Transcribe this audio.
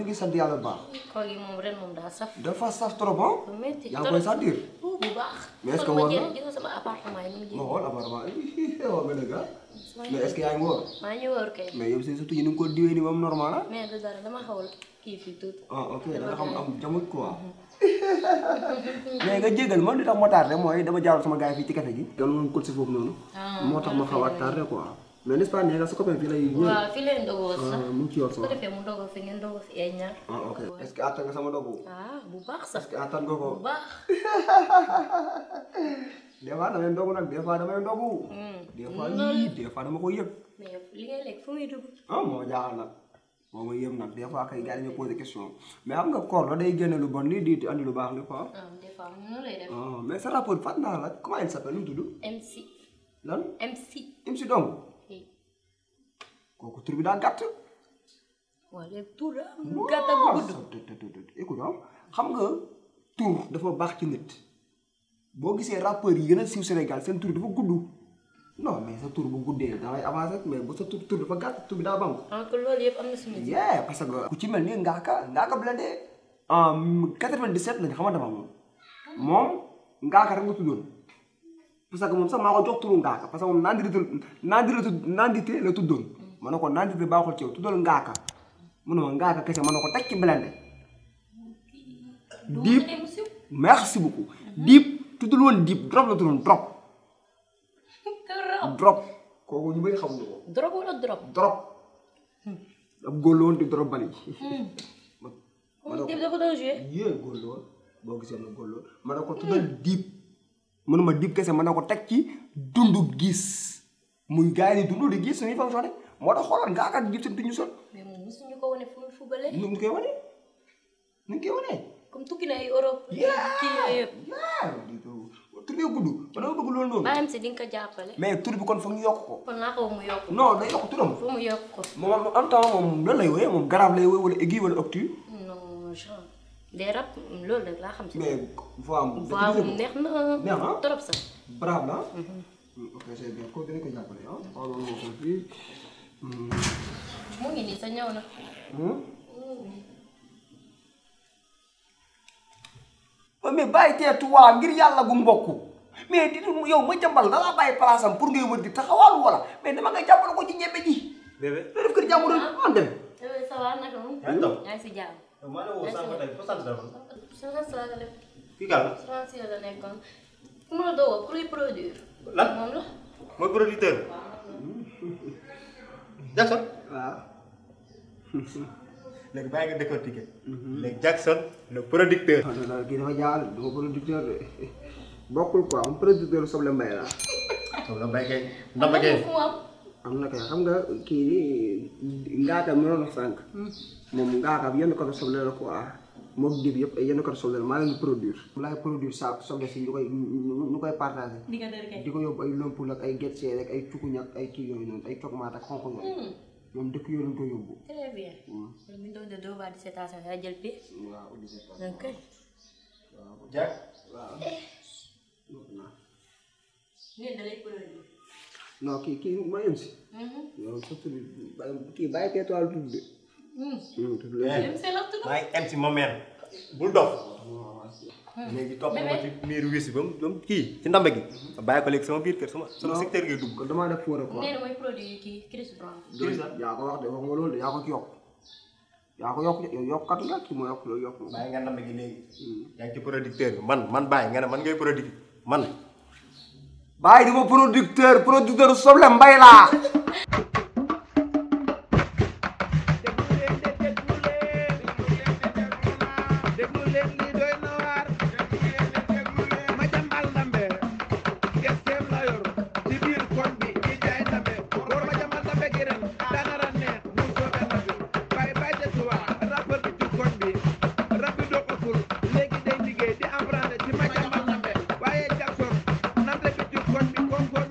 ñu ngi sant yàlla bu baax. koor gi moom ren moom daa saf. dafa saf trop bon. yaa ngi koy sentir. bu baax. mais est-ce que woor na gis nga sama appartement yi. ma woor appartement yi waaw mais nag mais est-ce yaa ngi woor. maa ngi woor kay. mais yow ngi ko diwee ni moom normal ah. mais du dara dama xawal da nga xam am jamut mais nga jégal ma li tax ma tardé mooy dama jaaroon sama gars fii ci café gi. doon nañu ko si foofu noonu. moo tax ma xaw a tardé quoi. mais n'est-ce pas nee nga sa copain fii lay. waaw fii lay ndogoo ah, sax mu ngi ci yoon soo ko defee mu ndogoo fi ngeen ndogoo fi ay ñaar. ah ok est-ce que attan nga sama ndogu. ah bu baax sax. est-ce que attan nga ko bu baax. des fois damay ndogu nag des fois damay ndogu. des fois yii des fois dama ko yëg. mais li ngay lekk fu muy dugg. ah moo jaaxal nag moo ma yëm nag des fois kay gars yi ñu posé question mais xam nga koor la day génne lu bon lii di andi lu baax li quoi. des fois noonu lay def. mais sa rapport fàttali naa la comment il s'appelle nu mu tudd. MC. lan MC. MC donc. kooku tur bi daa gàtt. waaw léegi tur gàtt bu gudd. écoute xam nga tur dafa baax ci nit boo gisee rappeurs yi gën a siiw Sénégal seen tur dafa gudd. non mais sa tur bu guddee da ngay avancé mais bu sa tur tur dafa gàtt tur bi daa bànk. Ah, donc loolu yëpp am na suñu. yeah parce que ku ci mel ni Ngaaka Ngaaka Blindé en 97 lañ xamante ma moom moom Ngaaka rek nga tuddoon parce que moom sax maa ko jox turu Ngaaka parce que moom naan di di la tuddoon. ma ne ko naan bi baaxul ci yow tuddal ngaaka mu ma ngaaka kese ma ne ko teg ci blende diib merci beaucoup diib tuddul woon diib drop la tuddoon drop drop kooku ñu di drop bali hmm. ma ne ko yee góor boo gisee na góor la woon ma ne ko hmm. tuddal diib mënuma kese ma ne ko teg ci dundu gis muy gars yi di dund di gis suñuy fonctionné moo tax xoolal nga akaat jël seen tuñ ñu sol. mais moom mosuñu ko wane fu mu fubalee. nu mu koy wane nu mu koy wane. comme tukki na ay Europe. kii yooyu yëpp tur bi gudd. kon dama bëgg loolu noonu. bàyyam si di nga ko jàppale. mais tur bi kon foog ñu yokk ko. kon naa ko mu yokk ko. non day yokk turam. foog mu yokk ko. moom en temps moom lan lay woowee moom garab lay woowee wala aiguille wala obtus. non genre des rab loolu rek laa xam si. mais voix am. voix am neex na neex na trop sax. bravo la. Mhm. ok c'est bien kooku dina ko jàppale ah. mu ngi nii sa ñëw na. mais hmm? hmm. bàyyi teetu ngir yàlla gu mbokk mais di yow ma jàmbal da laa bàyyi place am pour ngay wër di taxawaalu wala mais dama ngay jàmbal ko ci ñebe ji. bébé loolu kër jàmbur yi man ah. dem. bébé ça va Jackson. waaw. léegi bàyyi nga décortiquer. Mhm. léegi le producteur. non non kii dafa jaaxal du ma producteur de bokkul quoi am producteur soble mbay la. soble mbay am na kay xam nga kii ngaaka mi doon hmm. moom ngaaka yenn côté soble la quoi. moom diw yëpp ay yenn kër soldal maa leen produire. laay produire sa soble si ñu koy ñu koy partagé. di ko yóbbu ay Lompoul ak ay Guet Sèye rek ay Cukuñ ak ay kii yooyu noonu ay Cogmaat ak xonq yooyu. Hmm. moom dëkk yooyu lañ koy yóbbu. très hmm. di seetaan sax nga jël bi. kii kii maa ngi si. yow surtout kii bàyyi maa ngi em si ma mère bul dof léegi topp ma ci miir wisi ba mu kii ci ndambe gi bàyyi ko léegi sama biir kër sama sama secteur ngay dugg. kon damaa def fóore quoi. nee na yaa ko yokk yaa ko yokk yokkatu moo yokk yokk. bàyyi gi léegi. Hmm. yaa ngi man man bàyyi nga man ngay produit man. bàyyi di ma producteur producteur soble mbay laa. kon bi kon kon